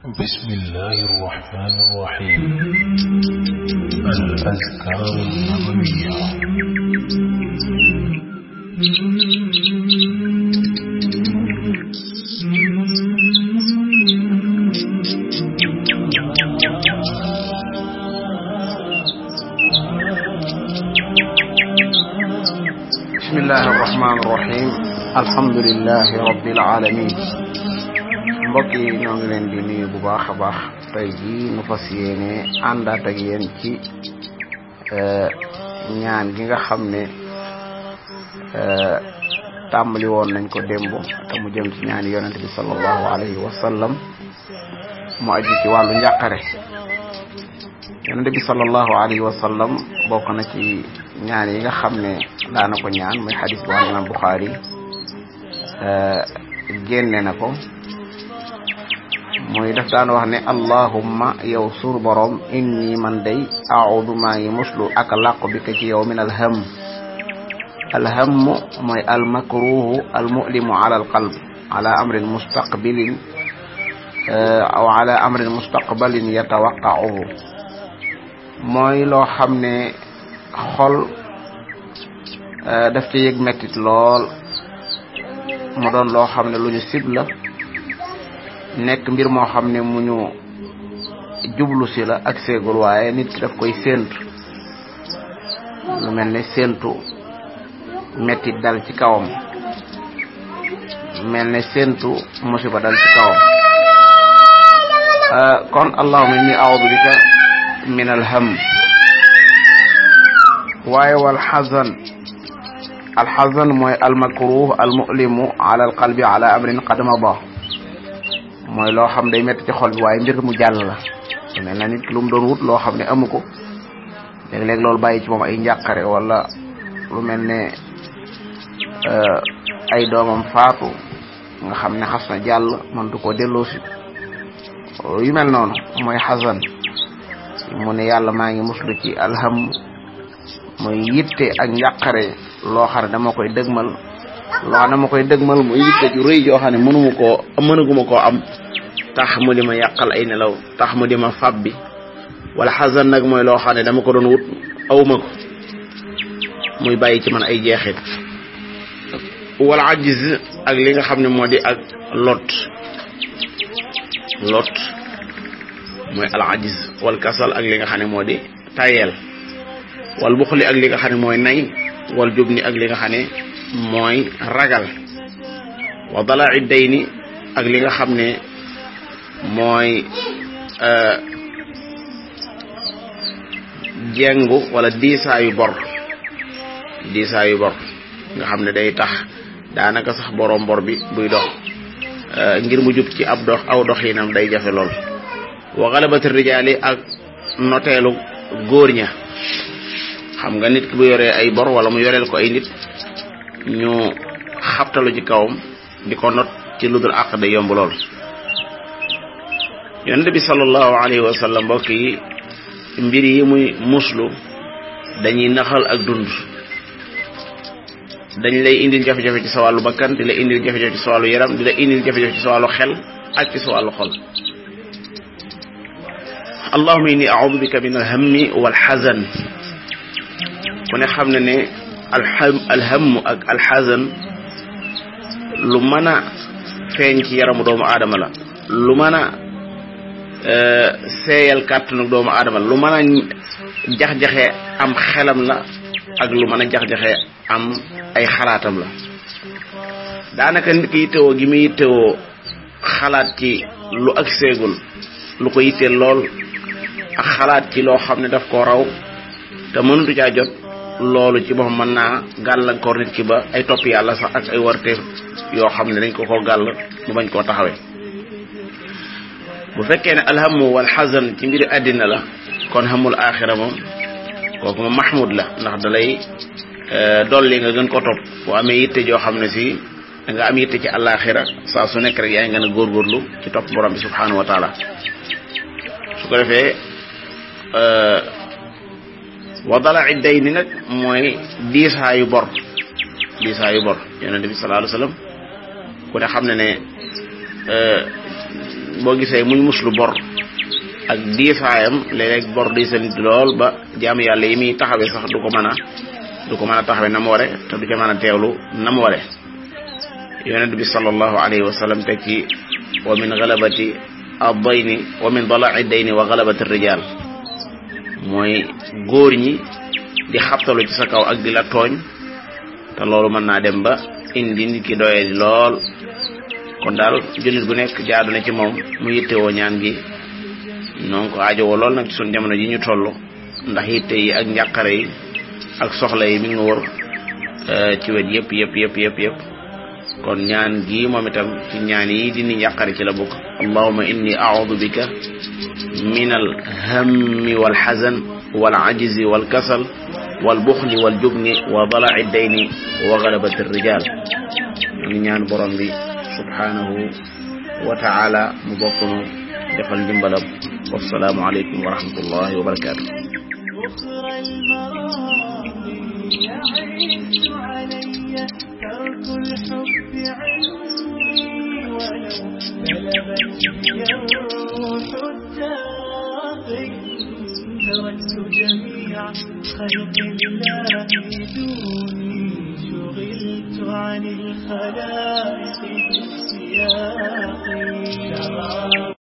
بسم الله الرحمن الرحيم الأذكار النبوية بسم الله الرحمن الرحيم الحمد لله رب العالمين mbokk yi ñoo ngi leen bu baax a baax tey jii nu fas yéene àndaat ak yéen ci eh, ñaan gi nga xam ne eh, tàmbali woon nañ ko démb te mu jëm ci ñaani yonent bi sallallahu alayhi wa sallam mu aju ci wàllu njàqare yonent bi sallallahu na ci ñaan yi nga xam ne daana ko ñaan muy eh, na ko mooy daf daan wax ne allahumma yow suur borom inni man day a'udhu muslu ak làqu bi ci yow min alham alham mooy almakruhu almu'limu ala alqalb ala amrin mustaqbilin euh, aw ala mooy loo xam ne xol euh, daf ci yëg mettit lool mu doon loo xam ne lu ñu la nekk mbir moo xam ne mu ñu jublu si la ak seegul waaye nit ki daf koy séentu lu mel ne séentu metti dal ci kawam mel ne séentu musiba dal ci kawam euh, kon allahuma inni a'udhu bika min alham waaye wal xazan alxazan mooy almakruh almulimu ala alqalbi ala amrin qad mada mooy loo xam day métti ci xol waaye mbir mu jàll la mel na nit lu mu doon wut loo xam ne amu ko léeg-léeg loolu bàyyi ci moom ay njàqare wala lu mel ne euh, ay doomam faatu nga xam ne xas na jàll mëntu koo delloosi yu mel noonu mooy xasan mu ne yàlla maa ngi muslu ci alham mooy yitte ak njàqare loo xam ne dama koy dëgmal loo xam ne koy dëgmal muy mooy ju rëy yoo xam ne mënuma koo mënaguma koo am tax mu di ma yàqal ay nelaw tax mu di ma fàbbi wala xasan nag mooy loo xam ne dama ko doon wut awuma ko muy bàyyi ci man ay jeexit wala ajiz ak li nga xam ne moo di ak lot lot mooy al ajiz wal kasal ak li nga xam ne moo di tayeel wal buxli ak li nga xam ne mooy nay wal jubni ak li nga xam ne mooy ragal wa dalaa'i dayni ak li nga xam ne mooy euh, jengu wala yu bor yu bor nga xam ne day tax daanaka sax borom bor bi buy dox euh, ngir mu jub ci ab dox aw doxinam day jafe lool wa galabati rijaali ak noteelu góor ña xam nga nit ki bu yoree ay bor wala mu yoreel ko ay nit ñu xabtalu ci kawam di ko not ci lu dul àq day yomb lool yonent bi sallallahu mbokk yi mbir yi muy muslu dañuy naxal ak dund dañ lay indil jafe-jafe ci sa wàllu bakkan di la indil jafe-jafe ci sa wàllu yaram di la indil jafe-jafe ci sa wàllu xel ak ci sa wàllu xol allahumma inni a'udhu bika min al-hammi wal hazan ku ne xam na ne alhamm ak alxazan lu mën a feeñ ci yaramu doomu aadama la lu mën a euh, seeyal kàttanu doomu aadama lu mën a jax-jaxe am xelam la ak lu mën a jax-jaxe am ay xalaatam la daanaka nit ki yittewoo gi muy yittewoo xalaat ci lu ak seegul lu ko yitteel lool ak xalaat ci loo xam ne daf ko raw te mënutu caa jot loolu ci boppam mën naa gàllankoor nit ki ba ay topp yàlla sax ak ay warteef yoo xam ne dañ ko ko gàll mu bañ koo taxawee bu fekkee ne alhamu wal xasan ci mbiri àddina la kon xamul axira moom kooku ma mahmud la ndax dalay eh, dolli nga gën ko topp bu amee yitte joo xam ne si danga am yitte ci àllaaxira saa su nekk rek yaa ngi góor a góorgóorlu ci topp borom bi subhanahu wa su ko defee eh, wa dala'i dayni nag mooy yu bor yu bor yonente bi sallallahu alayhi wasallam ku ne xam ne ne euh, boo gisee muy muslu bor ak diisaayam léeg-léeg bor diisa nit lool ba jaamu yàlla yi muy taxawee sax du ko mën a du ko mën a taxawee na mu ware te du ca mën a teewlu na mu ware yonent bi sallallahu alayhi wa sallam teg ci wa min galabati ad-dayni wa min dala'i dayni wa galabati rijal mooy góor ñi di xabtalu ci sa kaw ak di la tooñ te loolu mën naa dem ba indi nit ki doye di lool kon daal jullit bu nekk jaadu na ci moom mu yittewoo ñaan gi noo ngi lool nag ci suñ jamono ji ñu toll ndax yitte yi ak njàqare yi ak soxla yi mi ngi euh, ci wet yëpp yëpp yëpp yëpp yëpp kon ñaan gi moom itam ci ñaan yi dindi njàqare ci la bokk allahumma inni a'udhu min alhammi walxazan walajzi walkasal walbuxli waljubni wa dalaci dayni wa galabati rijal ñu ñaan borom bi subhanahu wa taala mu bokk nu defal ndimbalam wassalaamu aleykum wa rahmatullahi wa barakatuh أدركت جميع خلق الله بدوني شغلت عن الخلائق في سياقي